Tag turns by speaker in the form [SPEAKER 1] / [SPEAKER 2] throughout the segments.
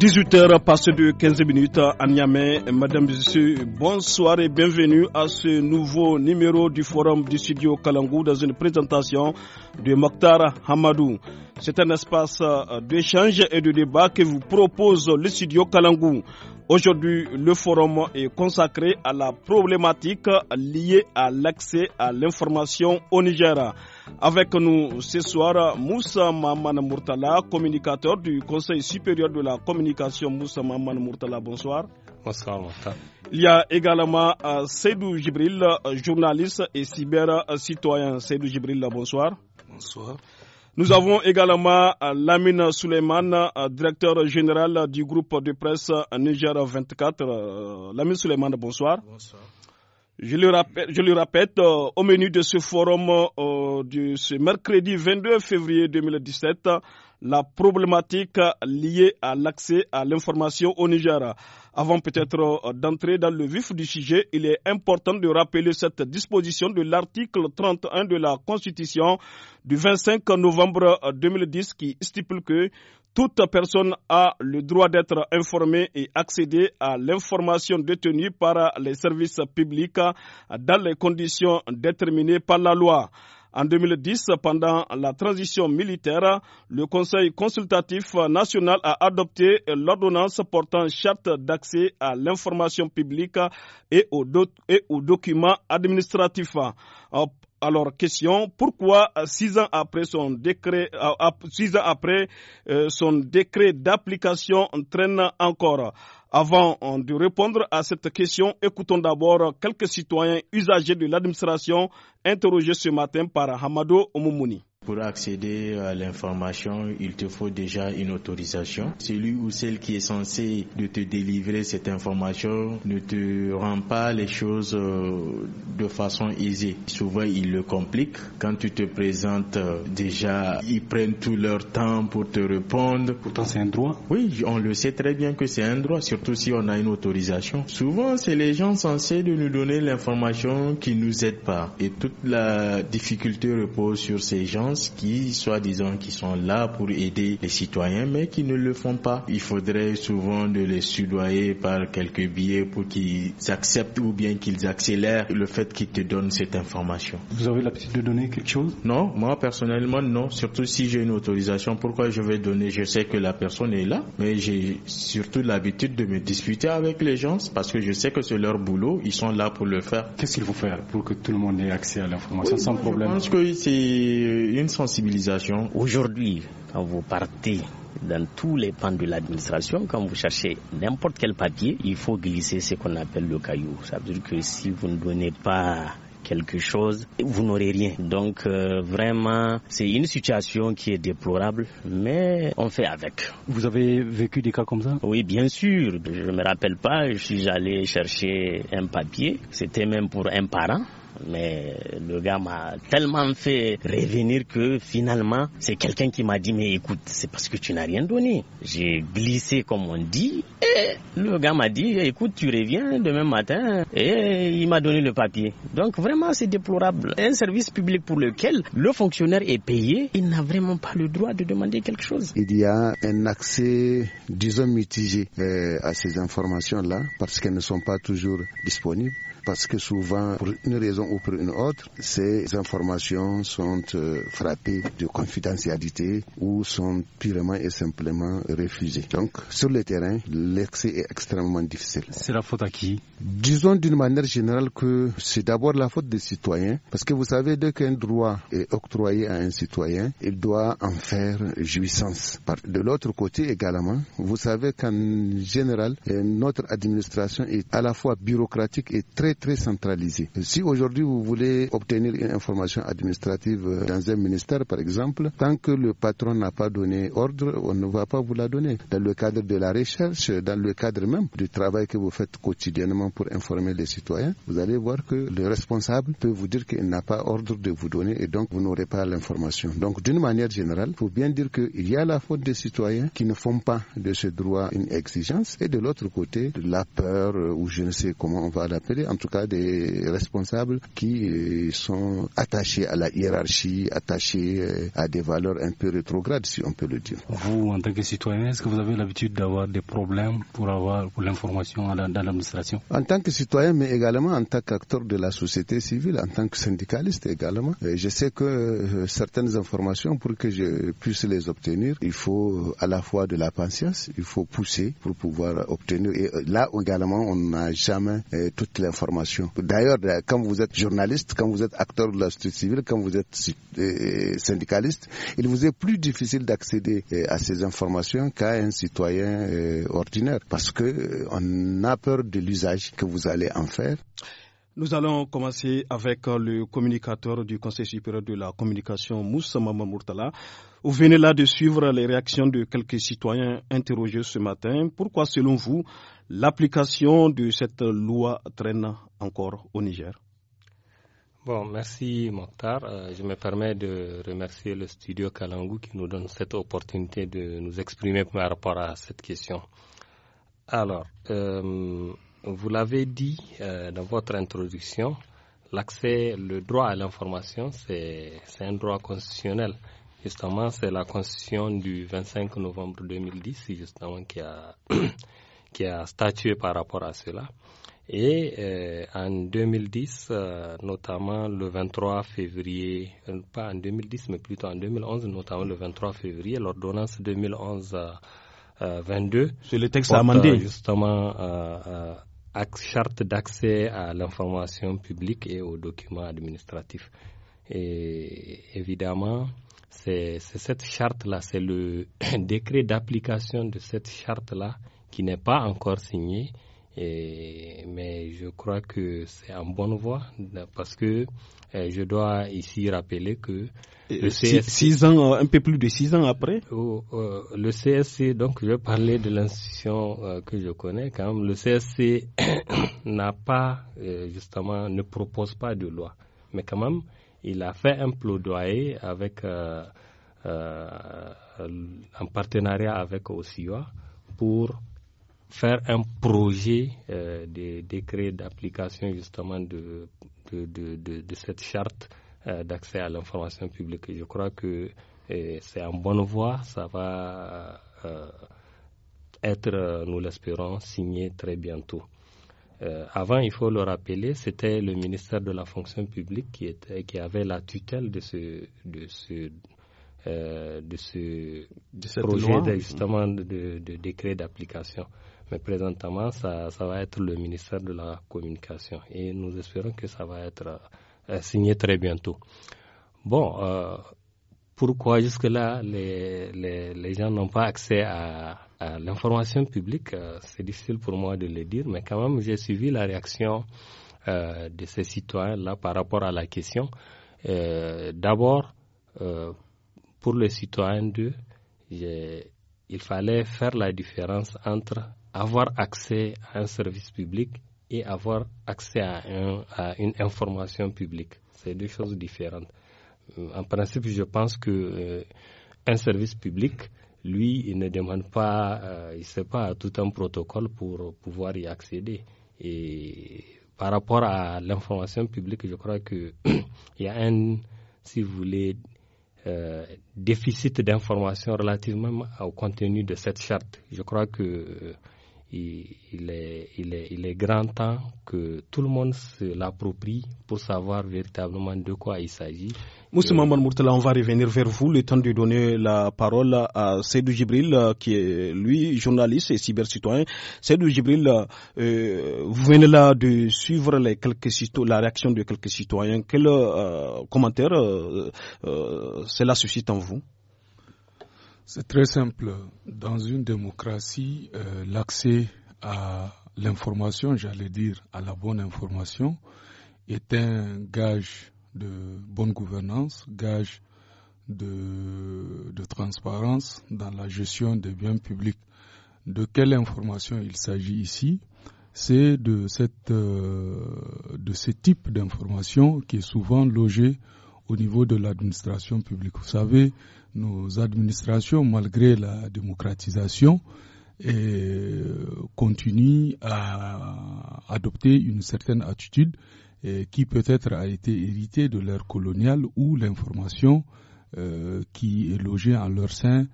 [SPEAKER 1] 18h passé de 15 minutes à Niamey. Madame, Monsieur, Messieurs, bonsoir et bienvenue à ce nouveau numéro du Forum du Studio Kalangou dans une présentation de Mokhtar Hamadou. C'est un espace euh, d'échange et de débat que vous propose le Studio Kalangou. Aujourd'hui, le forum est consacré à la problématique liée à l'accès à l'information au Niger. Avec nous ce soir, Moussa Maman Murtala, communicateur du Conseil supérieur de la communication. Moussa Maman Murtala, bonsoir. Bonsoir, Il y a également euh, Seydou Jibril, euh, journaliste et cyber-citoyen. Euh, Seydou Jibril, bonsoir. Bonsoir. Nous avons également Lamine Souleymane, directeur général du groupe de presse Niger 24. Lamine Souleymane, bonsoir. Bonsoir. Je le rappelle, je le répète, euh, au menu de ce forum euh, ce mercredi 22 février 2017, la problématique liée à l'accès à l'information au Niger. Avant peut-être euh, d'entrer dans le vif du sujet, il est important de rappeler cette disposition de l'article 31 de la Constitution du 25 novembre 2010 euh, qui stipule que toute personne a le droit d'être informée et accéder à l'information détenue par les services publics dans les conditions déterminées par la loi. En 2010, pendant la transition militaire, le Conseil consultatif national a adopté l'ordonnance portant charte d'accès à l'information publique et aux, documents administratifs. Euh, alors, question, pourquoi six ans après son décret, euh, six ans après euh, son décret d'application traîne encore avant de répondre à cette question, écoutons d'abord quelques citoyens
[SPEAKER 2] usagers de l'administration interrogés ce matin par Hamado Omomouni pour accéder à l'information, il te faut déjà une autorisation. Celui ou celle qui est censé de te délivrer cette information ne te rend pas les choses euh, de façon aisée. Souvent, ils le compliquent. Quand tu te présentes euh, déjà, ils prennent tout leur temps pour te répondre. Pourtant, c'est un droit. Oui, on le sait très bien que c'est un droit, surtout si on a une autorisation. Souvent, c'est les gens censés de nous donner l'information qui nous aident pas. Et toute la difficulté repose sur ces gens qui, soi-disant, qui sont là pour aider les citoyens, mais qui ne le font pas. Il faudrait souvent de les sudoyer par quelques billets pour qu'ils acceptent ou bien qu'ils accélèrent le fait qu'ils te donnent cette information. Vous avez l'habitude de donner quelque chose Non, moi personnellement non. Surtout si j'ai une autorisation, pourquoi je vais donner Je sais que la personne est là, mais j'ai surtout l'habitude de me disputer avec les gens parce que je sais que c'est leur boulot, ils sont là pour le faire. Qu'est-ce qu'il faut faire pour que tout le monde ait accès à l'information sans problème Je pense que c'est une sensibilisation. Aujourd'hui, quand vous partez dans tous les pans de l'administration, quand vous
[SPEAKER 3] cherchez n'importe quel papier, il faut glisser ce qu'on appelle le caillou. Ça veut dire que si vous ne donnez pas quelque chose, vous n'aurez rien. Donc euh, vraiment, c'est une situation qui est déplorable, mais on fait avec. Vous avez vécu des cas comme ça Oui, bien sûr. Je ne me rappelle pas, je suis allé chercher un papier, c'était même pour un parent. Mais le gars m'a tellement fait revenir que finalement, c'est quelqu'un qui m'a dit, mais écoute, c'est parce que tu n'as rien donné. J'ai glissé, comme on dit, et le gars m'a dit, écoute, tu reviens demain matin, et il m'a donné le papier. Donc vraiment, c'est déplorable. Un service public pour lequel le fonctionnaire est payé,
[SPEAKER 2] il n'a vraiment pas le droit de demander quelque chose.
[SPEAKER 4] Il y a un accès, disons, mitigé euh, à ces informations-là, parce qu'elles ne sont pas toujours disponibles, parce que souvent, pour une raison ou pour une autre, ces informations sont euh, frappées de confidentialité ou sont purement et simplement refusées. Donc, sur le terrain, l'accès est extrêmement difficile. C'est
[SPEAKER 5] la faute à qui
[SPEAKER 4] Disons d'une manière générale que c'est d'abord la faute des citoyens, parce que vous savez, dès qu'un droit est octroyé à un citoyen, il doit en faire jouissance. De l'autre côté également, vous savez qu'en général, euh, notre administration est à la fois bureaucratique et très très centralisée. Si aujourd'hui vous voulez obtenir une information administrative euh, dans un ministère, par exemple. Tant que le patron n'a pas donné ordre, on ne va pas vous la donner. Dans le cadre de la recherche, dans le cadre même du travail que vous faites quotidiennement pour informer les citoyens, vous allez voir que le responsable peut vous dire qu'il n'a pas ordre de vous donner et donc vous n'aurez pas l'information. Donc, d'une manière générale, il faut bien dire qu'il y a la faute des citoyens qui ne font pas de ce droit une exigence et de l'autre côté, la peur euh, ou je ne sais comment on va l'appeler, en tout cas des responsables qui euh, sont attachés à la hiérarchie, attachés euh, à des valeurs un peu rétrogrades, si on peut le dire.
[SPEAKER 5] Vous, en tant que citoyen, est-ce que vous avez l'habitude d'avoir des problèmes pour avoir pour l'information dans l'administration
[SPEAKER 4] En tant que citoyen, mais également en tant qu'acteur de la société civile, en tant que syndicaliste également, euh, je sais que certaines informations, pour que je puisse les obtenir, il faut à la fois de la patience, il faut pousser pour pouvoir obtenir. Et là également, on n'a jamais toute l'information. D'ailleurs, quand vous êtes journaliste, quand vous êtes acteur de la société civile, quand vous êtes euh, euh, syndicaliste, il vous est plus difficile d'accéder euh, à ces informations qu'à un citoyen ordinaire parce que on a peur de l'usage que vous allez en faire.
[SPEAKER 1] Nous allons commencer avec le communicateur du Conseil supérieur de la communication, Moussa Mamamurtala. Vous venez là de suivre les réactions de quelques citoyens interrogés ce matin. Pourquoi, selon vous, l'application de cette loi traîne encore au Niger
[SPEAKER 3] Bon, merci Mokhtar. Euh, je me permets de remercier le studio Kalangou qui nous donne cette opportunité de nous exprimer par rapport à cette question. Alors, euh, vous l'avez dit euh, dans votre introduction, l'accès, le droit à l'information, c'est un droit constitutionnel. Justement, c'est la constitution du 25 novembre 2010 justement qui a, qui a statué par rapport à cela. Et euh, en 2010, euh, notamment le 23 février, euh, pas en 2010, mais plutôt en 2011, notamment le 23 février, l'ordonnance 2011-22. C'est le texte amendé. Justement, charte d'accès à l'information publique et aux documents administratifs. Et évidemment, c'est cette charte-là, c'est le décret d'application de cette charte-là qui n'est pas encore signé mais je crois que c'est en bonne voie parce que eh, je dois ici rappeler que le six ans, un peu plus de six ans après oh, oh, Le CSC, donc je vais parler de l'institution euh, que je connais quand Le CSC n'a pas, euh, justement, ne propose pas de loi. Mais quand même, il a fait un plaidoyer avec, un euh, partenariat avec OSIWA pour faire un projet euh, de décret d'application justement de, cette charte euh, d'accès à l'information publique. je crois que euh, c'est en bonne voie, ça va être, nous l'espérons, signé très bientôt. avant, il faut le rappeler, c'était le ministère de la fonction publique qui, était, qui avait la tutelle de ce, de ce, de ce projet justement de décret d'application. Mais présentement, ça, va être le ministère de la Communication et nous espérons que ça va être euh, signé très bientôt. Bon, euh, pourquoi jusque-là les, gens n'ont pas accès à, l'information publique euh, C'est difficile pour moi de le dire, mais quand même j'ai suivi la réaction de ces citoyens-là par rapport à la question. D'abord, pour les citoyens d'eux, il fallait faire la différence entre avoir accès à un service public et avoir accès à, une information publique. C'est deux choses différentes. Euh, en principe, je pense que euh, un service public, lui, il ne demande pas, il euh, il sait pas tout un protocole pour pouvoir y accéder. Et par rapport à l'information publique, je crois que il y a un, si vous voulez, déficit d'information relativement au contenu de cette charte. Je crois que il, est, il, est, grand temps que tout le monde se l'approprie pour savoir véritablement de quoi il s'agit.
[SPEAKER 1] Moussa Maman Mourtala, on va revenir vers vous, le temps de donner la parole à Seydou Gibril, euh, qui est lui journaliste et cybercitoyen. Seydou Gibril, euh, vous venez là de suivre les quelques la réaction de quelques citoyens. Quel euh, commentaire cela suscite en vous
[SPEAKER 6] c'est très simple. Dans une démocratie, euh, l'accès à l'information, j'allais dire à la bonne information, est un gage de bonne gouvernance, gage de, transparence dans la gestion des biens publics. De quelle information il s'agit ici C'est de, cette, euh, de ce type d'information qui est souvent logée au niveau de l'administration publique. Vous savez, nos administrations, malgré la démocratisation, euh, continuent à adopter une certaine attitude qui peut-être a été héritée de l'ère coloniale où l'information euh, qui est logée en leur sein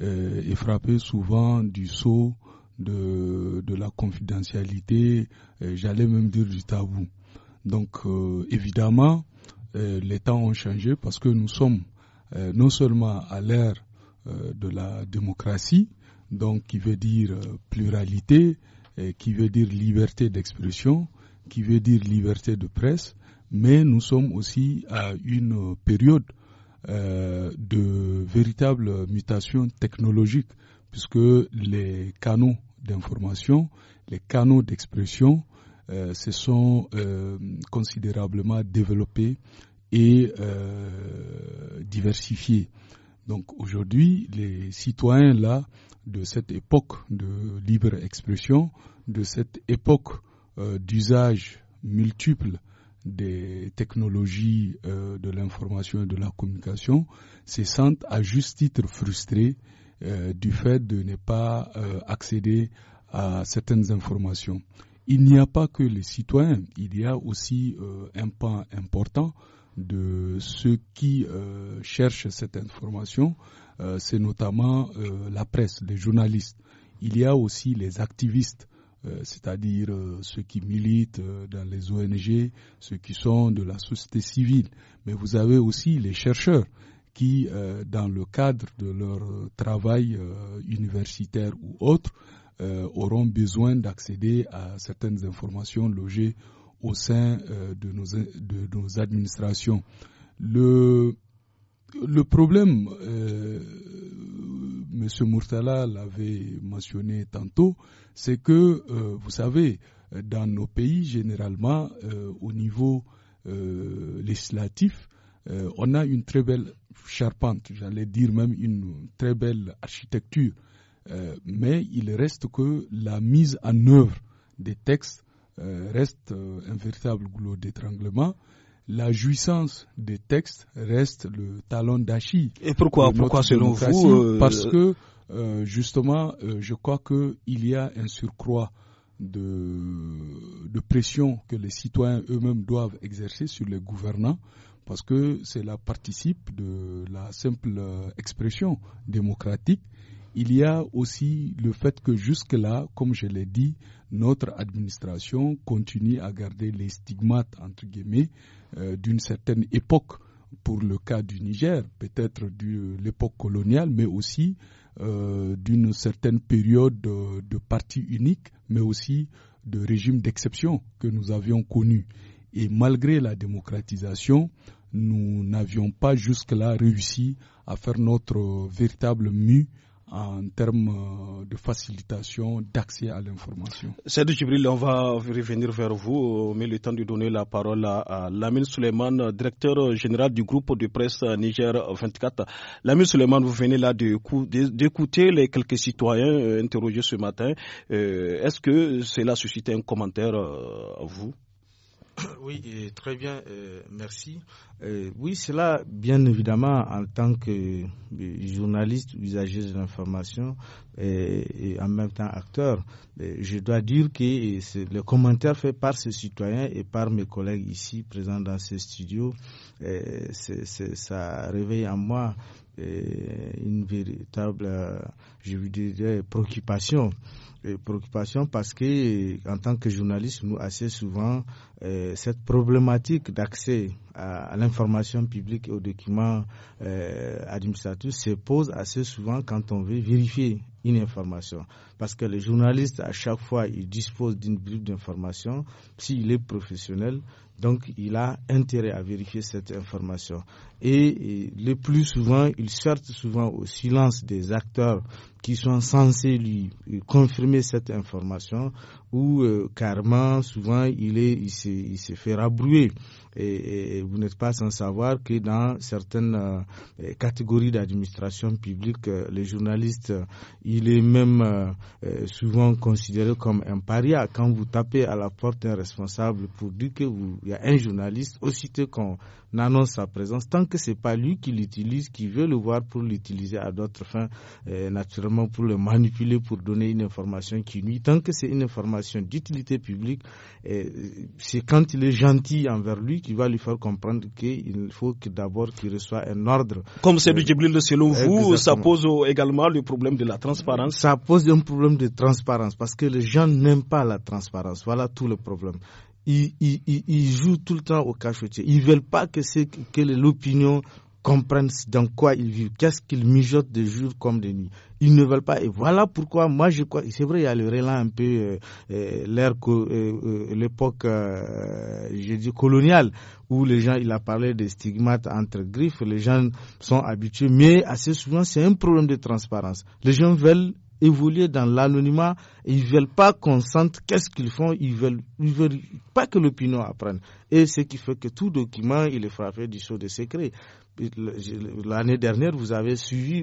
[SPEAKER 6] euh, est frappée souvent du sceau de, la confidentialité, j'allais même dire du tabou. Donc évidemment, euh, les temps ont changé parce que nous sommes euh, non seulement à l'ère euh, de la démocratie, donc qui veut dire pluralité, qui veut dire liberté d'expression, qui veut dire liberté de presse, mais nous sommes aussi à une période de véritable mutation technologique, puisque les canaux d'information, les canaux d'expression euh, se sont euh, considérablement développés et euh, diversifiés. Donc aujourd'hui, les citoyens là de cette époque de libre expression, de cette époque d'usage multiple des technologies de l'information et de la communication, se sentent à juste titre frustrés du fait de ne pas accéder à certaines informations il n'y a pas que les citoyens, il y a aussi euh, un pan important de ceux qui euh, cherchent cette information, euh, c'est notamment la presse, les journalistes. Il y a aussi les activistes, c'est-à-dire ceux qui militent dans les ONG, ceux qui sont de la société civile. Mais vous avez aussi les chercheurs qui, dans le cadre de leur travail universitaire ou autre, euh, auront besoin d'accéder à certaines informations logées au sein euh, de, nos, administrations. Le, problème, euh, M. Murtala l'avait mentionné tantôt, c'est que, vous savez, dans nos pays, généralement, au niveau législatif, on a une très belle charpente, j'allais dire même une très belle architecture euh, mais il reste que la mise en œuvre des textes euh, reste euh, un véritable goulot d'étranglement. La jouissance des textes reste le talon d'Achille. Et pourquoi, selon vous Parce que justement, je crois qu'il y a un surcroît de, de, pression que les citoyens eux-mêmes doivent exercer sur les gouvernants, parce que c'est la participe de la simple expression démocratique. Il y a aussi le fait que jusque-là, comme je l'ai dit, notre administration continue à garder les stigmates, entre guillemets, euh, d'une certaine époque pour le cas du Niger, peut-être de l'époque coloniale, mais aussi euh, d'une certaine période de, euh, de, parti unique, mais aussi de régime d'exception que nous avions connu. Et malgré la démocratisation, nous n'avions pas jusque-là réussi à faire notre véritable mu en termes euh, de facilitation d'accès à l'information.
[SPEAKER 1] du Gibril, on va revenir vers vous, euh, mais le temps de donner la parole à Lamine Suleiman, directeur général du groupe de presse Niger 24. Lamine Suleiman, vous venez là d'écouter les quelques citoyens euh, interrogés ce matin. Est-ce que cela suscite un commentaire à vous?
[SPEAKER 7] Oui, eh, très bien, euh, merci. Euh, oui, cela, bien évidemment, en tant que eh, journaliste, usager de l'information et, eh, et, en même temps acteur, je dois dire que le commentaire fait par ce citoyen et par mes collègues ici présents dans ce studio ça réveille en moi euh, une véritable, euh, je vous dirais, préoccupation. préoccupation parce que, en tant que journaliste, nous, assez souvent, euh, cette problématique d'accès à, l'information publique et aux documents administratifs se pose assez souvent quand on veut vérifier une information. Parce que les journalistes, à chaque fois, ils disposent d'une bribe d'information. S'il est professionnel, donc, il a intérêt à vérifier cette information. Et, le plus souvent, il sortent souvent au silence des acteurs qui sont censés lui confirmer cette information ou euh, carrément souvent il est il se, il se fait rabrouer et, vous n'êtes pas sans savoir que dans certaines euh, catégories d'administration publique euh, les journalistes euh, il est même euh, souvent considéré comme un paria quand vous tapez à la porte d'un responsable pour dire que vous il y a un journaliste aussitôt qu'on n'annonce sa présence, tant que c'est pas lui qui l'utilise, qui veut le voir pour l'utiliser à d'autres fins, euh, naturellement pour le manipuler, pour donner une information qui nuit, tant que c'est une information d'utilité publique, euh, c'est quand il est gentil envers lui qu'il va lui faire comprendre qu'il faut que d'abord qu'il reçoit un ordre. Comme c'est du
[SPEAKER 1] Djibril, selon vous, ça pose également le problème de la transparence
[SPEAKER 7] Ça pose un problème de transparence parce que les gens n'aiment pas la transparence. Voilà tout le problème ils, jouent tout le temps au cachotier Ils veulent pas que, que l'opinion comprenne dans quoi ils vivent, qu'est-ce qu'ils mijotent de jour comme de nuit. Ils ne veulent pas. Et voilà pourquoi moi je crois. C'est vrai, il y a le relan un peu euh, euh l'ère que euh, euh, l'époque, je coloniale, où les gens, il a parlé des stigmates entre griffes. Les gens sont habitués, mais assez souvent c'est un problème de transparence. Les gens veulent évoluer dans l'anonymat. Ils veulent pas qu'on sente qu'est-ce qu'ils font. Ils veulent, pas que l'opinion apprenne. Et ce qui fait que tout document, il est frappé du sceau de secret l'année dernière, vous avez suivi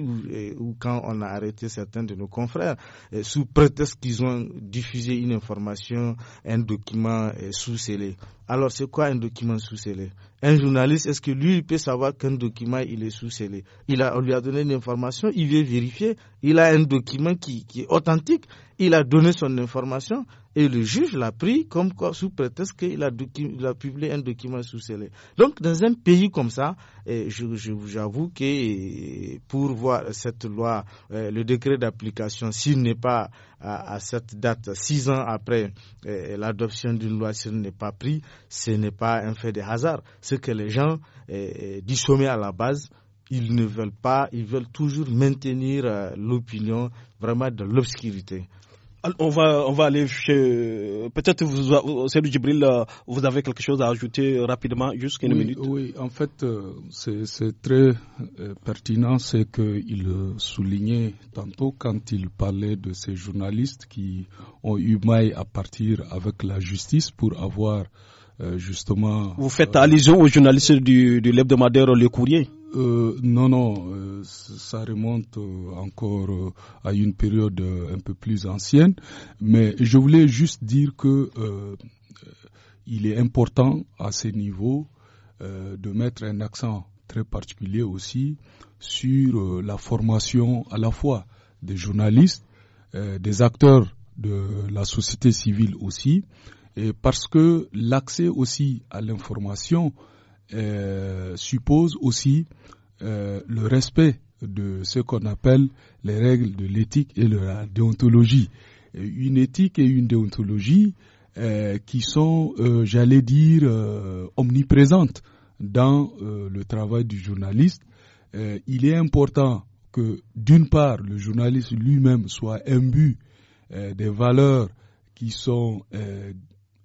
[SPEAKER 7] ou, quand on a arrêté certains de nos confrères sous prétexte qu'ils ont diffusé une information, un document sous-scellé. Alors, c'est quoi un document sous-scellé Un journaliste, est-ce que lui, il peut savoir qu'un document, il est sous-scellé il a, On lui a donné une information, il vient vérifier, il a un document qui est authentique, il a donné son information, et le juge l'a pris comme quoi, sous prétexte qu'il a, publié un document sous scellé. Donc, dans un pays comme ça, eh, vous j'avoue que eh, pour voir cette loi, eh, le décret d'application, s'il n'est pas à, cette date, six ans après l'adoption d'une loi, s'il n'est pas pris, ce n'est pas un fait de hasard. Ce que les gens sommet à la base, ils ne veulent pas, ils veulent toujours maintenir l'opinion vraiment de l'obscurité.
[SPEAKER 1] On va, on va aller chez. Peut-être vous, du Djibril, euh, vous avez quelque chose à ajouter rapidement, juste une minute.
[SPEAKER 6] Oui, en fait, euh, c'est très euh, pertinent ce qu'il soulignait tantôt quand il parlait de ces journalistes qui ont eu maille à partir avec la justice pour avoir justement. Vous faites
[SPEAKER 1] allusion aux journalistes du, de l'hebdomadaire Le Courrier
[SPEAKER 6] euh, non, non, euh, ça remonte euh, encore à une période un peu plus ancienne, mais je voulais juste dire que il est important à ce niveau de mettre un accent très particulier aussi sur la formation à la fois des journalistes, des acteurs de la société civile aussi, et parce que l'accès aussi à l'information euh, suppose aussi euh, le respect de ce qu'on appelle les règles de l'éthique et de la déontologie. Euh, une éthique et une déontologie qui sont, j'allais dire, omniprésentes dans le travail du journaliste. il est important que, d'une part, le journaliste lui-même soit imbu des valeurs qui sont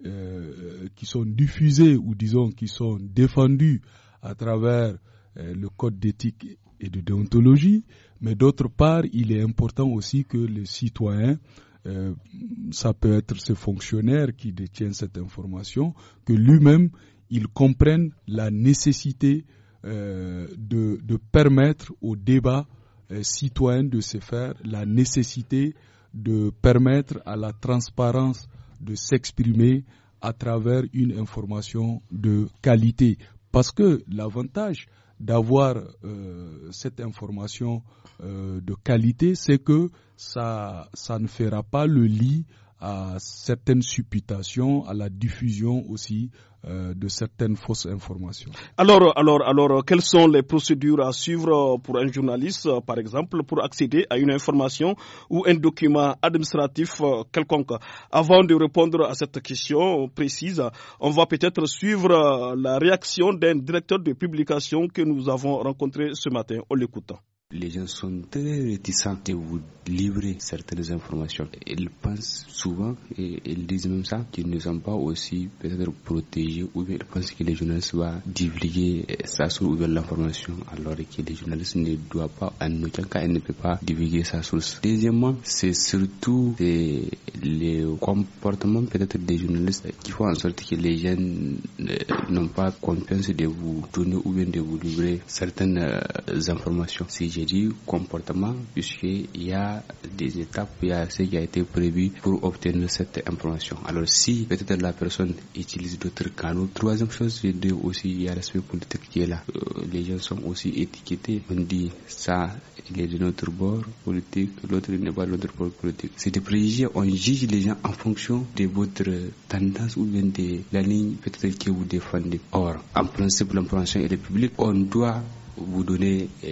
[SPEAKER 6] euh, qui sont diffusés ou disons qui sont défendus à travers euh, le code d'éthique et de déontologie, mais d'autre part, il est important aussi que les citoyens euh, ça peut être ce fonctionnaire qui détient cette information, que lui-même, il comprenne la nécessité de, permettre au débat citoyen de se faire, la nécessité de permettre à la transparence de s'exprimer à travers une information de qualité. Parce que l'avantage d'avoir euh, cette information euh, de qualité, c'est que ça, ça ne fera pas le lit à certaines supputations, à la diffusion aussi euh, de certaines fausses informations.
[SPEAKER 1] Alors, alors, alors, quelles sont les procédures à suivre pour un journaliste, par exemple, pour accéder à une information ou un document administratif quelconque Avant de répondre à cette question précise, on va peut-être suivre la réaction d'un directeur de publication que nous avons rencontré ce matin. On l'écoute
[SPEAKER 5] les gens sont très réticents de vous livrer certaines informations. Ils pensent souvent, et ils disent même ça, qu'ils ne sont pas aussi peut-être protégés, ou bien ils pensent que les journalistes vont divulguer eh, ça bien l'information, alors que les journalistes ne doivent pas, en aucun cas, ne peuvent pas divulguer sa source. Deuxièmement, c'est surtout les comportements peut-être des journalistes qui font en sorte que les gens eh, n'ont pas confiance de vous donner ou bien de vous livrer certaines euh, informations. Si du comportement puisqu'il y a des étapes, il y a ce qui a été prévu pour obtenir cette information. Alors si peut-être la personne utilise d'autres canaux, troisième chose, aussi il y a l'aspect politique qui est là. Euh, les gens sont aussi étiquetés. On dit ça, il est de notre bord politique, l'autre n'est pas de bord politique. C'est des préjugés. On juge les gens en fonction de votre tendance ou bien de la ligne peut-être que vous défendez. Or, en principe, l'information est publique. On doit vous donner euh,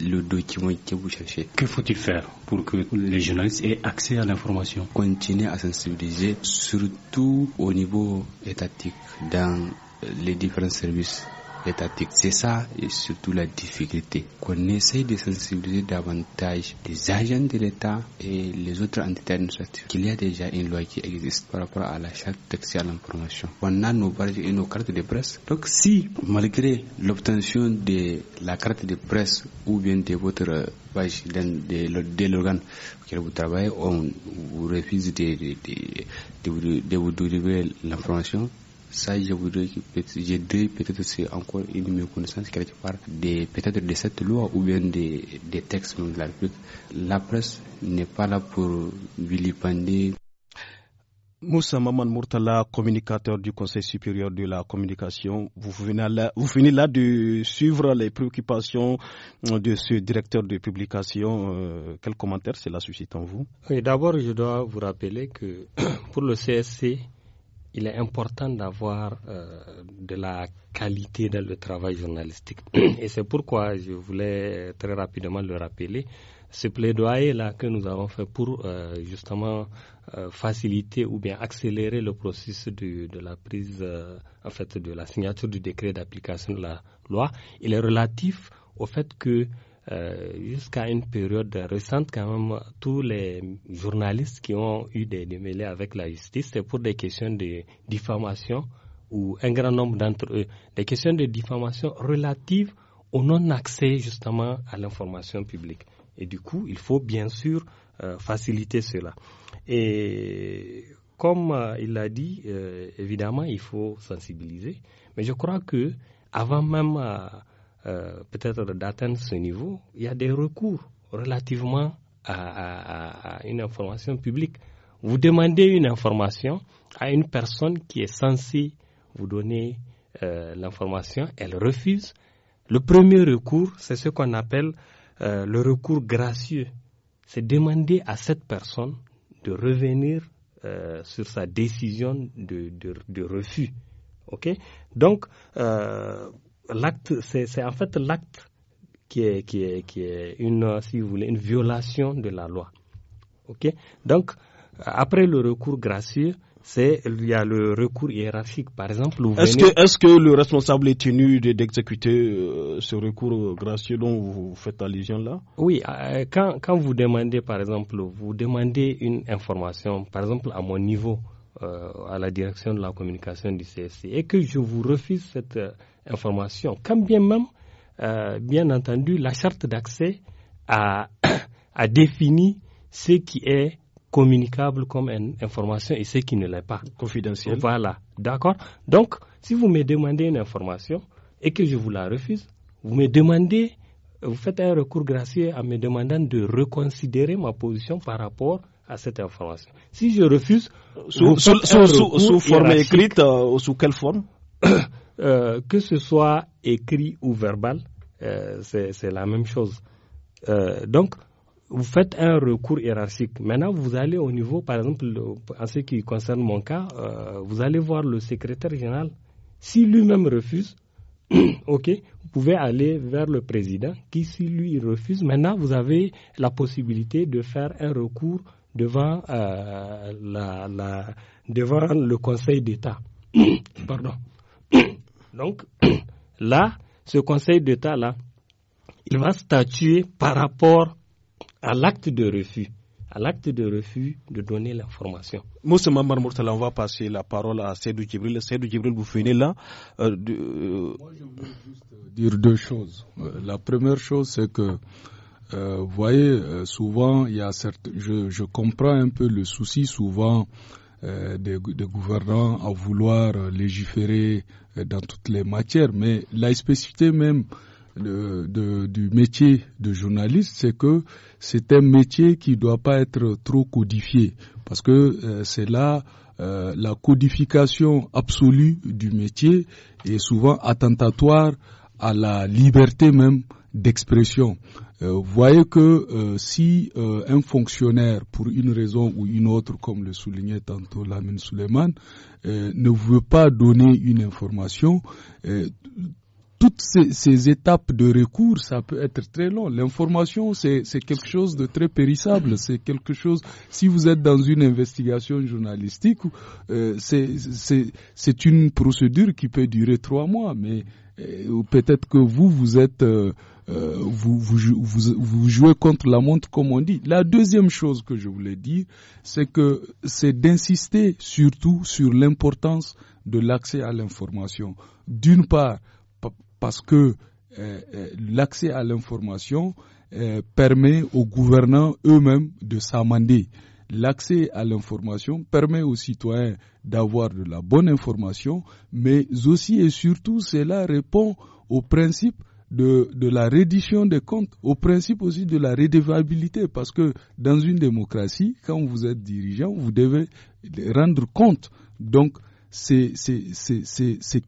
[SPEAKER 5] le document que vous cherchez. Que faut-il faire pour que les journalistes aient accès à l'information Continuer à sensibiliser, surtout au niveau étatique, dans euh, les différents services c'est ça et surtout la difficulté, qu'on essaye de sensibiliser davantage les agents de l'État et les autres entités administratives Il y a déjà une loi qui existe par rapport à la charte textuelle à l'information. On a nos et nos cartes de presse. Donc si, malgré l'obtention de la carte de presse ou bien de votre page euh, de l'organe que vous travaillez, on vous refuse de, de vous délivrer l'information, ça je voudrais que j'ai peut-être c'est encore une connaissance, quelque part des peut-être de cette loi ou bien des, des textes de la République. La presse n'est pas là pour vilipender.
[SPEAKER 1] Moussa Maman Murtala, communicateur du Conseil supérieur de la communication, vous venez là, vous venez là de suivre les préoccupations de ce directeur de
[SPEAKER 3] publication. Quels euh, quel commentaire cela suscite en vous d'abord, je dois vous rappeler que pour le CSC, il est important d'avoir euh, de la qualité dans le travail journalistique. Et c'est pourquoi je voulais euh, très rapidement le rappeler, ce plaidoyer-là que nous avons fait pour euh, justement faciliter ou bien accélérer le processus de, de la prise, en fait, de la signature du décret d'application de la loi, il est relatif au fait que euh, jusqu'à une période récente, quand même, tous les journalistes qui ont eu des démêlés avec la justice, c'est pour des questions de diffamation ou un grand nombre d'entre eux, des questions de diffamation relatives au non-accès justement à l'information publique. Et du coup, il faut bien sûr euh, faciliter cela. Et comme euh, il l'a dit, évidemment, il faut sensibiliser. Mais je crois que avant même euh, peut-être d'atteindre ce niveau, il y a des recours relativement à, une information publique. Vous demandez une information à une personne qui est censée vous donner euh, l'information, elle refuse. Le premier recours, c'est ce qu'on appelle euh, le recours gracieux. C'est demander à cette personne de revenir sur sa décision de, refus. Ok? Donc, l'acte, c'est en fait l'acte qui est, qui est, une, si vous voulez, une violation de la loi. Ok Donc, après le recours gracieux, c'est il y a le recours hiérarchique. Par exemple, est-ce
[SPEAKER 1] que, le responsable est tenu d'exécuter euh, ce recours gracieux dont vous faites allusion là
[SPEAKER 3] Oui, euh, quand, quand vous demandez, par exemple, vous demandez une information, par exemple à mon niveau, euh, à la direction de la communication du CSC et que je vous refuse cette euh, information, quand bien même, euh, bien entendu, la charte d'accès a, a, défini ce qui est communicable comme une information et ce qui ne l'est pas. Confidentiel. Voilà, d'accord. Donc, si vous me demandez une information et que je vous la refuse, vous me demandez, vous faites un recours gracieux en me demandant de reconsidérer ma position par rapport à cette information. Si je refuse, sous, sous, forme écrite, euh, ou sous quelle forme euh, Que ce soit écrit ou verbal, euh, c'est la même chose. donc, vous faites un recours hiérarchique. Maintenant, vous allez au niveau, par exemple, en ce qui concerne mon cas, vous allez voir le secrétaire général. Si lui-même refuse, ok, vous pouvez aller vers le président qui, si lui refuse, maintenant vous avez la possibilité de faire un recours euh, devant, le Conseil d'État. Pardon. Donc, là, ce Conseil d'État-là, il va statuer par rapport à l'acte de refus, à l'acte de refus de donner l'information. Moussa
[SPEAKER 1] Mamar Mourtala, on va passer la parole à Seydou Djibril. Seydou Djibril, vous finissez là. Euh, euh,
[SPEAKER 6] Moi, je veux juste dire deux choses. La première chose, c'est que euh, vous voyez, euh, souvent, il y a je, comprends un peu le souci souvent euh, des, gouvernants à vouloir légiférer dans toutes les matières, mais la spécificité même du métier de journaliste, c'est que c'est un métier qui ne doit pas être trop codifié, parce que c'est là la codification absolue du métier est souvent attentatoire à la liberté même d'expression. Euh, voyez que euh, si euh, un fonctionnaire, pour une raison ou une autre, comme le soulignait tantôt Lamine Suleiman, ne veut pas donner une information, toutes ces, ces, étapes de recours, ça peut être très long. L'information, c'est quelque chose de très périssable. C'est quelque chose, si vous êtes dans une investigation journalistique, euh, c'est une procédure qui peut durer trois mois, mais peut-être que vous, vous êtes... Euh, vous, vous, vous, jouez contre la montre, comme on dit. La deuxième chose que je voulais dire, c'est que c'est d'insister surtout sur l'importance de l'accès à l'information. D'une part, parce que euh, euh, l'accès à l'information permet aux gouvernants eux-mêmes de s'amender. L'accès à l'information permet aux citoyens d'avoir de la bonne information, mais aussi et surtout cela répond au principe de, la reddition des comptes, au principe aussi de la redevabilité, parce que dans une démocratie, quand vous êtes dirigeant, vous devez rendre compte. Donc, c'est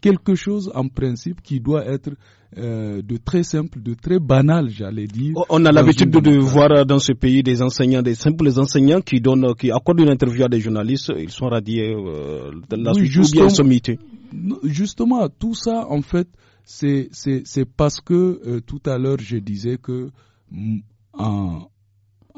[SPEAKER 6] quelque chose en principe qui doit être euh, de très simple, de très banal, j'allais dire. On a l'habitude de,
[SPEAKER 1] voir dans ce pays des enseignants, des simples enseignants qui donnent, qui accordent une interview à des journalistes, ils sont radiés euh, de la ou bien
[SPEAKER 6] Justement, tout ça, en fait, c'est parce que euh, tout à l'heure je disais que mm, en,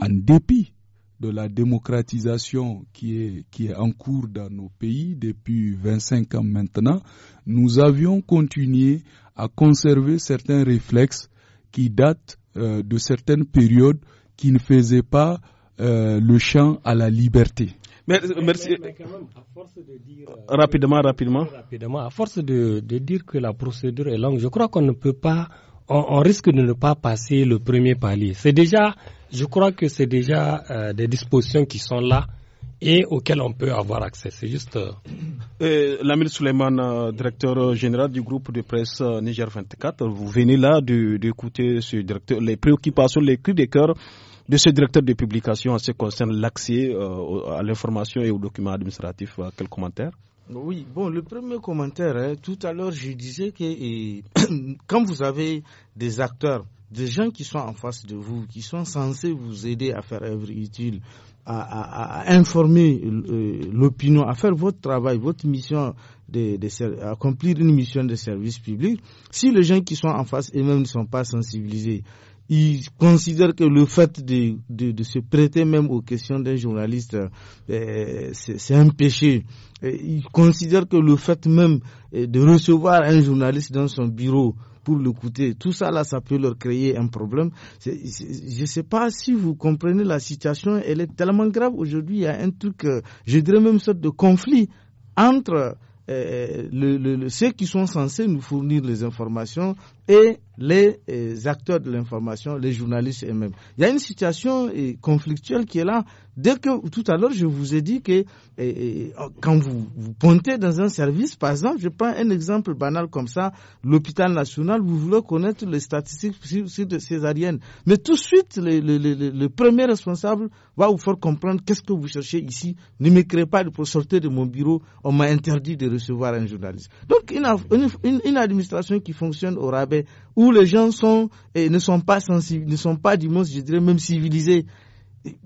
[SPEAKER 6] dépit de la démocratisation qui est, en cours dans nos pays depuis 25 ans maintenant, nous avions continué à conserver certains réflexes qui datent euh, de certaines périodes qui ne faisaient pas euh, le champ à la liberté.
[SPEAKER 1] Euh, merci.
[SPEAKER 2] Euh,
[SPEAKER 3] rapidement, rapidement. Rapidement, à force de, dire que la procédure est longue, je crois qu'on ne peut pas, on, risque de ne pas passer le premier palier. C'est déjà, je crois que c'est déjà euh, des dispositions qui sont là et auxquelles on peut avoir accès. C'est juste.
[SPEAKER 1] Euh, Lamir directeur général du groupe de presse Niger 24, vous venez là d'écouter ce directeur, les préoccupations, les cris des cœurs de ce directeur de publication en ce qui concerne l'accès euh, à l'information et aux documents administratifs. Euh, quel commentaire
[SPEAKER 7] oui, bon, le premier commentaire, hein, tout à l'heure, je disais que quand vous avez des acteurs, des gens qui sont en face de vous, qui sont censés vous aider à faire œuvre utile, à, informer euh, l'opinion, à faire votre travail, votre mission, de, accomplir une mission de service public, si les gens qui sont en face eux-mêmes ne sont pas sensibilisés, ils considèrent que le fait de, de, se prêter même aux questions d'un journaliste, euh, c'est un péché. Ils considèrent que le fait même euh, de recevoir un journaliste dans son bureau, pour l'écouter. Tout ça, là, ça peut leur créer un problème. je ne sais pas si vous comprenez la situation, elle est tellement grave. Aujourd'hui, il y a un truc, euh, je dirais même sorte de conflit entre ceux qui sont censés nous fournir les informations et les euh, acteurs de l'information, les journalistes eux-mêmes. Il y a une situation euh, conflictuelle qui est là. Dès que tout à l'heure, je vous ai dit que oh, quand vous, vous pointez dans un service, par exemple, je prends un exemple banal comme ça, l'hôpital national, vous voulez connaître les statistiques sur, sur de césariennes. Mais tout de suite, le, premier responsable va vous faire comprendre qu'est-ce que vous cherchez ici. Ne m'écrivez pas pour sortir de mon bureau, on m'a interdit de recevoir un journaliste. Donc, une, administration qui fonctionne au rabais, où les gens ne sont pas sensibles, ne sont pas, du je dirais, même civilisés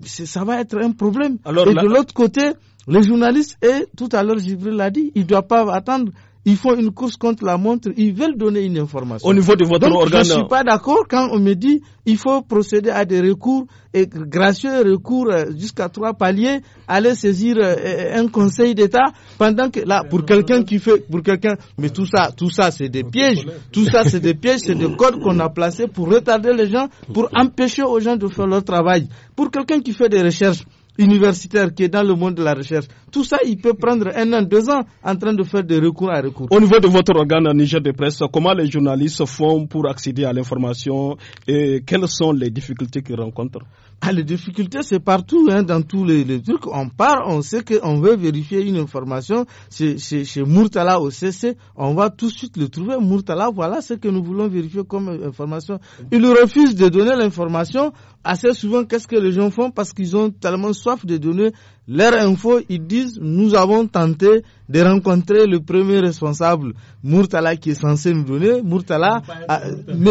[SPEAKER 7] ça va être un problème. et de l'autre côté, les journalistes, et tout à l'heure Gibril l'a dit, ils ne doivent pas attendre il faut une course contre la montre, ils veulent donner une information. Au niveau de votre Je ne suis pas d'accord quand on me dit il faut procéder à des recours et gracieux recours euh, jusqu'à trois paliers, aller saisir euh, un conseil d'État pendant que là pour quelqu'un qui fait pour quelqu'un mais tout ça tout ça c'est des pièges, tout ça c'est des pièges, c'est des codes qu'on a placés pour retarder les gens, pour empêcher aux gens de faire leur travail. Pour quelqu'un qui fait des recherches universitaire qui est dans le monde de la recherche. Tout ça, il
[SPEAKER 1] peut prendre un an, deux ans en train de faire des recours à recours. Au niveau de votre organe Niger de presse, comment les journalistes font pour accéder à l'information et quelles sont les difficultés qu'ils rencontrent ah, Les difficultés, c'est partout, hein, dans tous les, trucs. On part, on sait qu'on veut vérifier
[SPEAKER 7] une information. Chez, chez, chez Murtala au CC, on va tout de suite le trouver. Murtala, voilà ce que nous voulons vérifier comme information. Il refuse de donner l'information. Assez souvent, qu'est-ce que les gens font Parce qu'ils ont tellement soif de donner leur info, ils disent nous avons tenté de rencontrer le premier responsable, Murtala, qui est censé nous donner. Murtala, ah,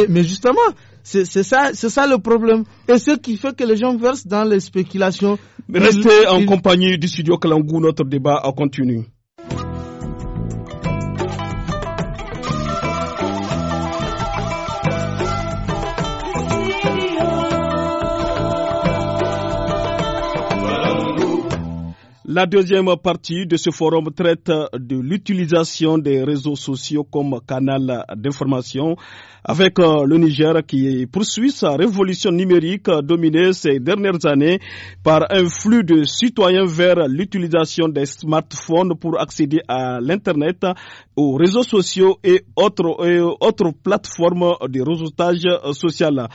[SPEAKER 7] mais, justement, c'est ça, c'est ça le problème. Et ce qui fait
[SPEAKER 1] que les gens versent dans les spéculations. Restez en compagnie du studio Kalangou, notre débat a continué. La deuxième partie de ce forum traite de l'utilisation des réseaux sociaux comme canal d'information avec euh, le Niger qui poursuit sa révolution numérique dominée ces dernières années par un flux de citoyens vers l'utilisation des smartphones pour accéder à l'Internet, aux réseaux sociaux et autres, plateformes de réseautage social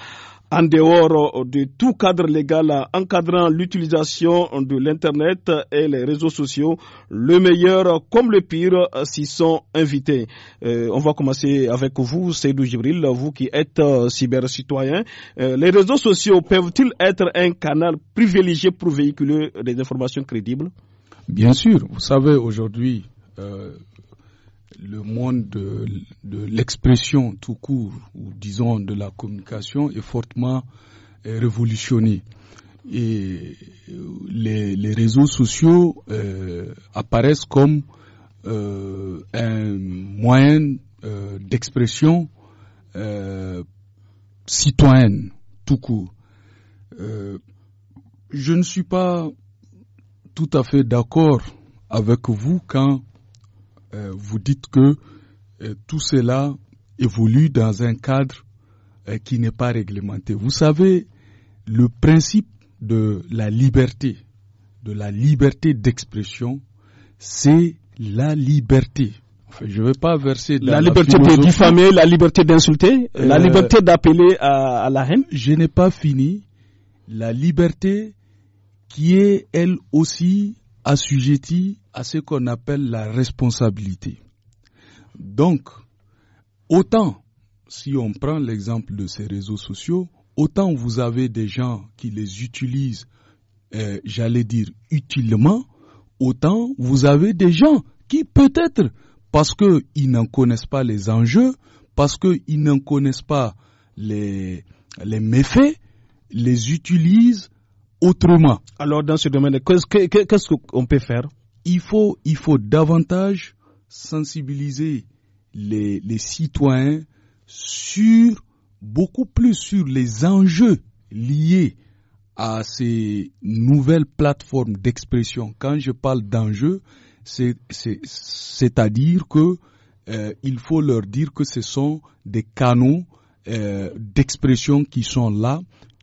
[SPEAKER 1] en dehors de tout cadre légal encadrant l'utilisation de l'Internet et les réseaux sociaux, le meilleur comme le pire s'y sont invités. Euh, on va commencer avec vous, Seydou Gibril, vous qui êtes euh, cybercitoyen. Euh, les réseaux sociaux peuvent-ils être un canal privilégié pour véhiculer des informations crédibles
[SPEAKER 6] Bien sûr, vous savez aujourd'hui le monde de, l'expression tout court, ou disons de la communication, est fortement euh, révolutionné. Et euh, les, réseaux sociaux euh, apparaissent comme un moyen d'expression citoyenne, tout court. je ne suis pas tout à fait d'accord avec vous quand euh, vous dites que euh, tout cela évolue dans un cadre euh, qui n'est pas réglementé. Vous savez, le principe de la liberté, de la liberté d'expression, c'est la liberté. je ne vais pas verser de la, la, liberté de diffamer, la liberté d'insulter, la liberté d'appeler à, à, la haine. Je n'ai pas fini. La liberté qui est elle aussi assujettis à ce qu'on appelle la responsabilité. Donc, autant, si on prend l'exemple de ces réseaux sociaux, autant vous avez des gens qui les utilisent, euh, j'allais dire, utilement, autant vous avez des gens qui peut-être, parce qu'ils n'en connaissent pas les enjeux, parce qu'ils n'en connaissent pas les méfaits, les utilisent autrement. Alors, dans ce domaine, qu'est-ce qu'on peut faire il faut, il faut davantage sensibiliser les, citoyens sur, beaucoup plus sur les enjeux liés à ces nouvelles plateformes d'expression. Quand je parle d'enjeux, c'est-à-dire que euh, il faut leur dire que ce sont des canaux euh, d'expression qui sont là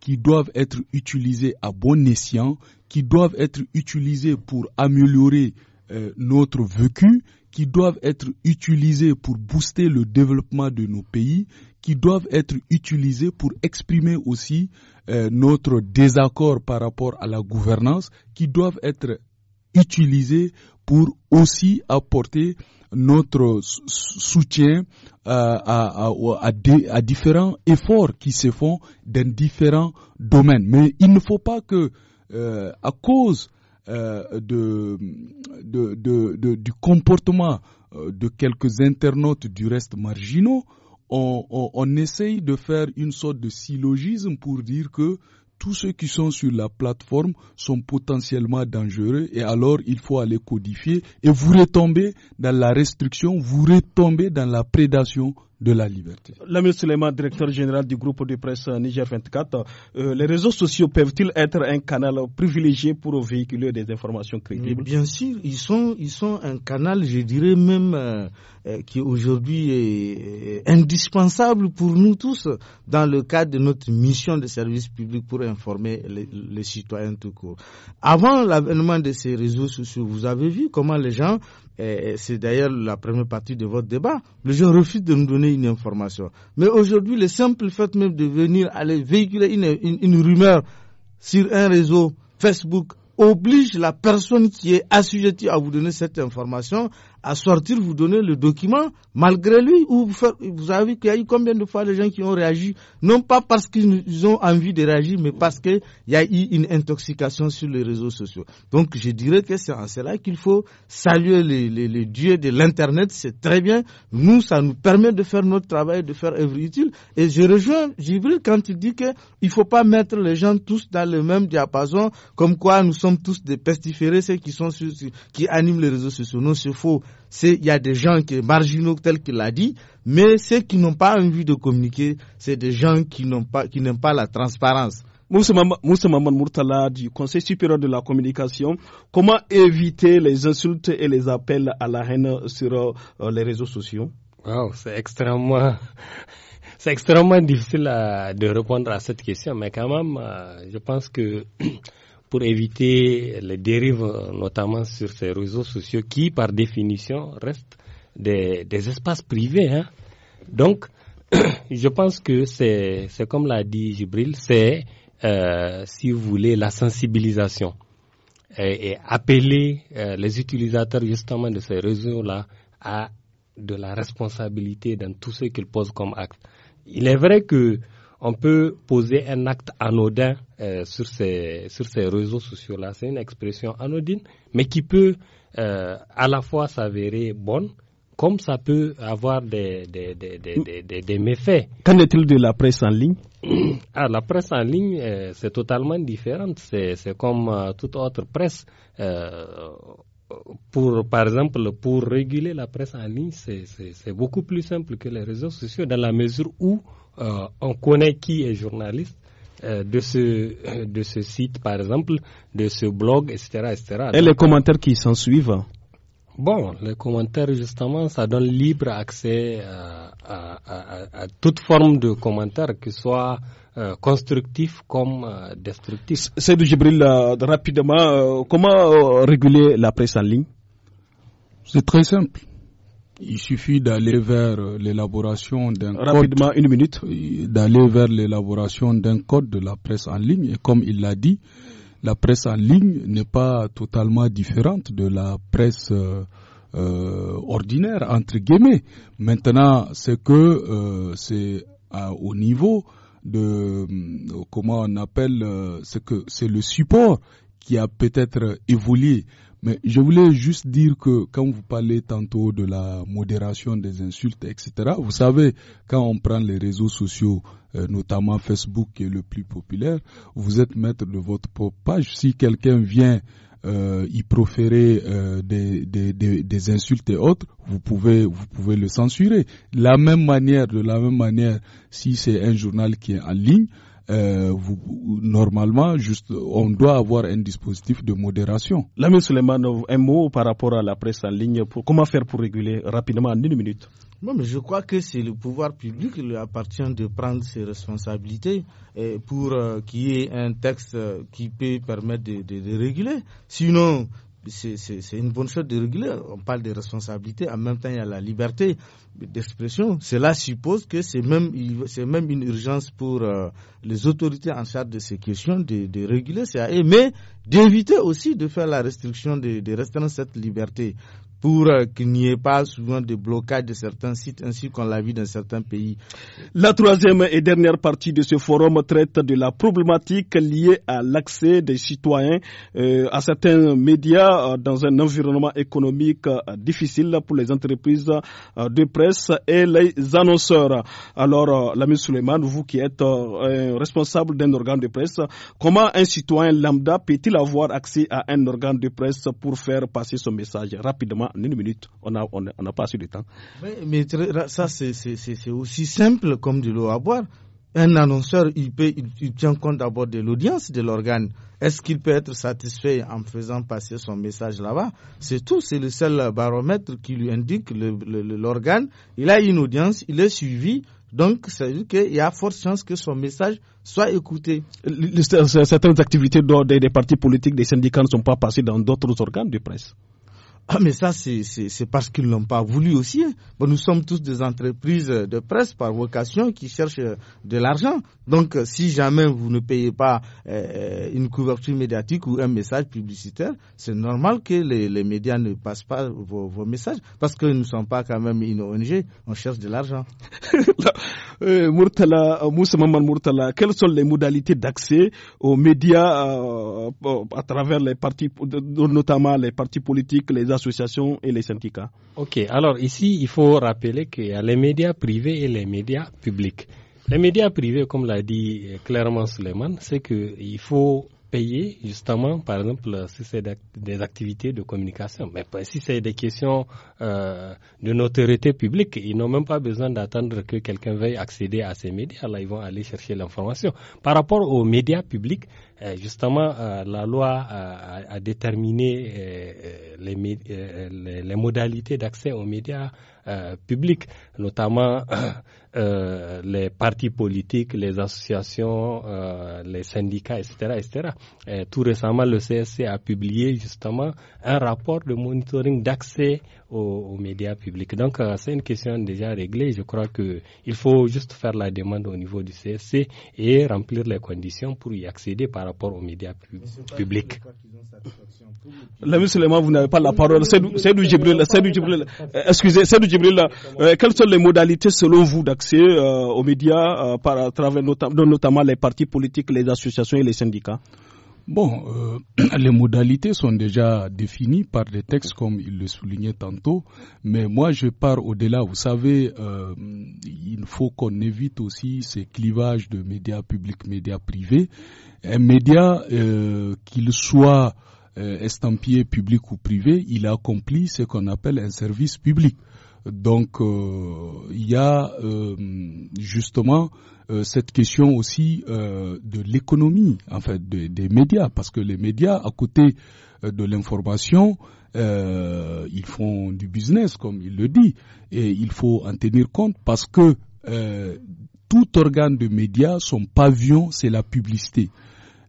[SPEAKER 6] qui doivent être utilisés à bon escient, qui doivent être utilisés pour améliorer euh, notre vécu, qui doivent être utilisés pour booster le développement de nos pays, qui doivent être utilisés pour exprimer aussi euh, notre désaccord par rapport à la gouvernance, qui doivent être utilisés pour aussi apporter notre soutien euh, à, différents efforts qui se font dans différents domaines. Mais il ne faut pas que, euh, à cause euh, du comportement de quelques internautes du reste marginaux, on, essaye de faire une sorte de syllogisme pour dire que tous ceux qui sont sur la plateforme sont potentiellement dangereux et alors il faut aller codifier et vous retombez dans la restriction, vous retombez dans la prédation de la liberté.
[SPEAKER 1] Lamir Suleiman, directeur général du groupe de presse euh, Niger 24, euh, les réseaux sociaux peuvent-ils être un canal privilégié pour véhiculer des informations crédibles Bien sûr, ils sont, ils sont un canal, je dirais même, euh, euh, qui aujourd'hui est,
[SPEAKER 7] indispensable pour nous tous dans le cadre de notre mission de service public pour informer les, les citoyens tout court. Avant l'avènement de ces réseaux sociaux, vous avez vu comment les gens c'est d'ailleurs la première partie de votre débat, le gens refusent de me donner une information. Mais aujourd'hui, le simple fait même de venir aller véhiculer une, une rumeur sur un réseau Facebook oblige la personne qui est assujettie à vous donner cette information à sortir, vous donner le document, malgré lui, ou vous, vous avez vu qu'il y a eu combien de fois les gens qui ont réagi, non pas parce qu'ils ont envie de réagir, mais parce qu'il y a eu une intoxication sur les réseaux sociaux. Donc, je dirais que c'est en cela qu'il faut saluer les, dieux de l'Internet, c'est très bien. Nous, ça nous permet de faire notre travail, de faire œuvre utile. Et je rejoins Gibril quand il dit qu'il ne faut pas mettre les gens tous dans le même diapason, comme quoi nous sommes tous des pestiférés, ceux qui, sont sur, qui animent les réseaux sociaux. Non, c'est faux il y a des gens qui, marginaux tels qu'il l'a dit, mais ceux qui n'ont pas
[SPEAKER 1] envie de communiquer, c'est des gens qui n'ont pas, qui n'aiment pas la transparence. Moussa Maman Murtala du Conseil supérieur de la communication, comment éviter les insultes et les appels à la haine sur euh, les réseaux sociaux
[SPEAKER 3] C'est extrêmement, c'est extrêmement difficile de répondre à cette question, mais quand même, euh, je pense que pour éviter les dérives, notamment sur ces réseaux sociaux qui, par définition, restent des, espaces privés. Hein. Donc, je pense que c'est, comme l'a dit Gibril, c'est, euh, si vous voulez, la sensibilisation et, appeler euh, les utilisateurs justement de ces réseaux-là à de la responsabilité dans tout ce qu'ils posent comme acte. Il est vrai que on peut poser un acte anodin euh, sur ces, sur ces réseaux sociaux-là. C'est une expression anodine, mais qui peut euh, à la fois s'avérer bonne, comme ça peut avoir des, des, des, des, des méfaits.
[SPEAKER 1] Qu'en est-il de la presse en ligne
[SPEAKER 3] ah, La presse en ligne, euh, c'est totalement différente. C'est comme toute autre presse pour, par exemple, pour réguler la presse en ligne, c'est beaucoup plus simple que les réseaux sociaux dans la mesure où euh, on connaît qui est journaliste. Euh, de ce de ce site par exemple de ce blog etc et les commentaires
[SPEAKER 1] qui s'en suivent
[SPEAKER 3] Bon, les commentaires, justement, ça donne libre accès euh, à, toute forme de commentaires, que ce soit euh, constructif comme euh, destructif.
[SPEAKER 1] C'est Gibril, euh, rapidement, comment réguler la presse en ligne
[SPEAKER 6] C'est très simple. Il suffit d'aller vers l'élaboration d'un code. Rapidement, une minute. D'aller vers l'élaboration d'un code de la presse en ligne. Et comme il l'a dit, la presse en ligne n'est pas totalement différente de la presse ordinaire, entre guillemets. Maintenant, c'est que c'est au niveau de euh, comment on appelle euh, ce que c'est le support qui a peut-être évolué. Mais je voulais juste dire que quand vous parlez tantôt de la modération des insultes, etc., vous savez, quand on prend les réseaux sociaux, euh, notamment Facebook qui est le plus populaire, vous êtes maître de votre propre page. Si quelqu'un vient euh, y proférer euh, des, des, des, insultes et autres, vous pouvez, vous pouvez le censurer. la même manière, de la même manière, si c'est un journal qui est en ligne, euh, vous, normalement, juste, on doit avoir un dispositif de modération. Lamine Souleymane, un mot par rapport à la
[SPEAKER 1] presse en ligne. comment faire pour réguler rapidement en une minute
[SPEAKER 7] non, mais je crois que c'est le pouvoir public qui lui appartient de prendre ses responsabilités euh, pour euh, qu'il y ait un texte euh, qui peut permettre de, de réguler. Sinon, c'est une bonne chose de réguler. On parle de responsabilités en même temps il y a la liberté d'expression. Cela suppose que c'est même, une urgence pour euh, les autorités en charge de ces questions de, de réguler mais d'éviter aussi de faire la restriction, de, de restreindre cette liberté
[SPEAKER 1] pour euh, qu'il n'y ait pas souvent de blocage de certains sites ainsi qu'on l'a vu dans certains pays. La troisième et dernière partie de ce forum traite de la problématique liée à l'accès des citoyens euh, à certains médias euh, dans un environnement économique difficile pour les entreprises de presse et les annonceurs. Alors, l'ami Suleiman, vous qui êtes responsable d'un organe de presse, comment un citoyen lambda peut-il avoir accès à un organe de presse pour faire passer son message rapidement en une minute, on n'a pas assez de temps.
[SPEAKER 7] Mais, ça, c'est aussi simple comme de l'eau à boire. Un annonceur, il, il, tient compte d'abord de l'audience de l'organe. Est-ce qu'il peut être satisfait en faisant passer son message là-bas C'est tout, c'est le seul baromètre qui lui indique l'organe. Il a une audience, il est suivi,
[SPEAKER 1] donc, ça veut dire y a forte chance que son message soit écouté. Certaines activités des, partis politiques, des syndicats ne sont pas passées dans d'autres organes de presse. Ah, mais ça, c'est parce qu'ils n'ont pas voulu aussi. Hein. nous sommes tous des entreprises de presse par
[SPEAKER 7] vocation qui cherchent euh, de l'argent. Donc, euh, si jamais vous ne payez pas euh, une couverture médiatique ou un message publicitaire, c'est normal que les, médias ne passent pas vos, vos messages parce que nous ne sommes pas quand même une ONG, on cherche de l'argent.
[SPEAKER 1] Murtala, Moussa Maman Murtala, quelles sont les modalités d'accès aux médias à travers les partis, notamment les partis politiques, les associations
[SPEAKER 3] et les syndicats. Ok, alors ici, il faut rappeler qu'il y a les médias privés et les médias publics. Les médias privés, comme l'a dit euh, clairement Suleiman, c'est qu'il faut payer justement, par exemple, si c'est des activités de communication. Mais si c'est des questions euh, de notoriété publique, ils n'ont même pas besoin d'attendre que quelqu'un veuille accéder à ces médias. Là, ils vont aller chercher l'information. Par rapport aux médias publics, euh, justement, euh, la loi a, déterminé euh, les, modalités d'accès aux médias publics, notamment les partis politiques, les associations, les syndicats, etc. etc. tout récemment, le CSC a publié justement un rapport de monitoring d'accès aux, médias publics. Donc, euh, c'est une question déjà réglée. Je crois qu'il faut juste faire la demande au niveau du CSC et remplir les conditions pour y accéder par rapport aux médias publics.
[SPEAKER 1] La musulman, vous n'avez pas la parole. C'est du Djibril. Euh, excusez, c'est du Djibril. Euh, quelles sont les modalités selon vous d'accès aux médias par, à travers notamment les partis politiques, les associations et les syndicats
[SPEAKER 6] Bon, euh, les modalités sont déjà définies par des textes comme il le soulignait tantôt, mais moi je pars au-delà. Vous savez, euh, il faut qu'on évite aussi ces clivages de médias publics, médias privés. Un média, euh, qu'il soit estampillé public ou privé, il accomplit ce qu'on appelle un service public. Donc euh, il y a euh, justement euh, cette question aussi de l'économie, en fait, des médias, parce que les médias, à côté de l'information, ils font du business, comme il le dit, et il faut en tenir compte parce que tout organe de médias, son pavillon, c'est la publicité.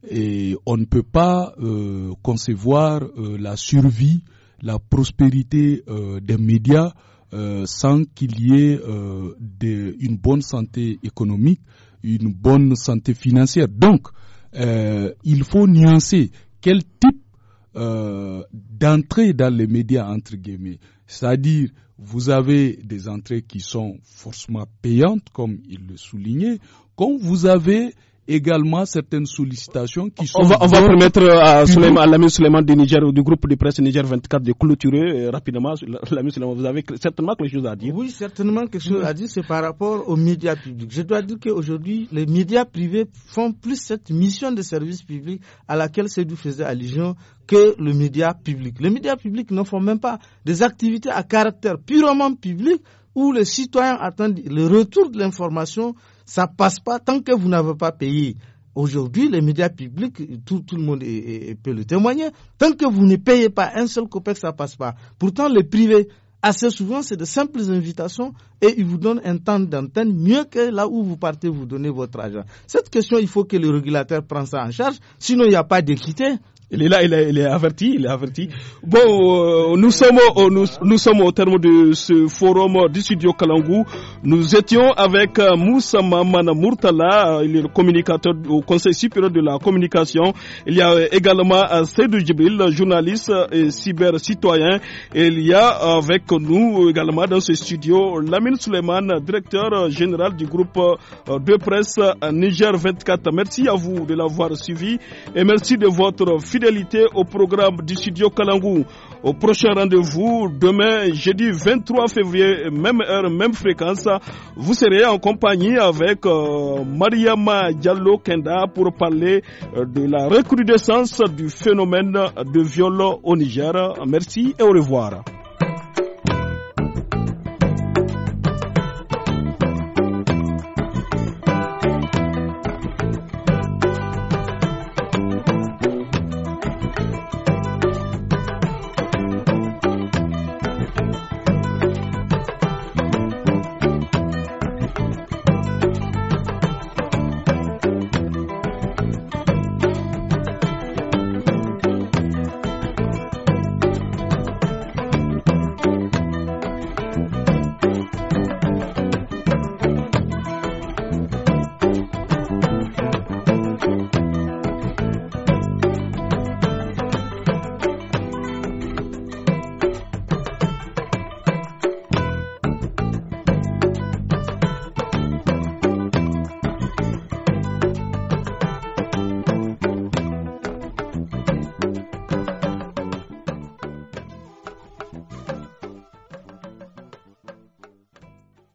[SPEAKER 6] Et on ne peut pas concevoir la survie, la prospérité des médias euh, sans qu'il y ait euh, une bonne santé économique, une bonne santé financière. Donc, euh, il faut nuancer quel type d'entrée dans les médias, entre guillemets. C'est-à-dire, vous avez des entrées qui sont forcément payantes, comme il le soulignait, quand vous avez également certaines sollicitations qui sont. On va, on va permettre euh, à l'amie
[SPEAKER 1] l'ami Suleiman du Niger, du groupe de presse Niger 24 de clôturer euh, rapidement. L'ami Suleiman, vous avez certainement quelque chose à dire. Oui, certainement quelque chose à dire, c'est par rapport aux médias
[SPEAKER 7] publics. Je dois dire qu'aujourd'hui, les médias privés font plus cette mission de service public à laquelle Cédou faisait allusion que le média public. Les médias publics ne font même pas des activités à caractère purement public où les citoyens attendent le retour de l'information ça ne passe pas tant que vous n'avez pas payé. Aujourd'hui, les médias publics, tout, le monde peut le témoigner, tant que vous ne payez pas un seul copec, ça ne passe pas. Pourtant, les privés, assez souvent, c'est de simples invitations et ils vous donnent un temps d'antenne mieux que là où vous partez vous donner votre argent. Cette question, il faut que le régulateur prenne ça en charge, sinon il n'y
[SPEAKER 1] a pas d'équité il est là, il est, averti, il est averti. Bon, euh, nous sommes, au, nous, sommes au terme de ce forum du studio Kalangou. Nous étions avec euh, Moussa Mamana euh, il est le communicateur au Conseil supérieur de la communication. Il y a également euh, Seydou Djibril, journaliste et cyber-citoyen. Il y a avec nous également dans ce studio Lamine Suleiman, directeur général du groupe de presse Niger 24. Merci à vous de l'avoir suivi et merci de votre fidélité fidélité au programme du studio Kalangou. Au prochain rendez-vous, demain, jeudi 23 février, même heure, même fréquence, vous serez en compagnie avec euh, Mariama Diallo Kenda pour parler euh, de la recrudescence du phénomène de viol au Niger. Merci et au revoir.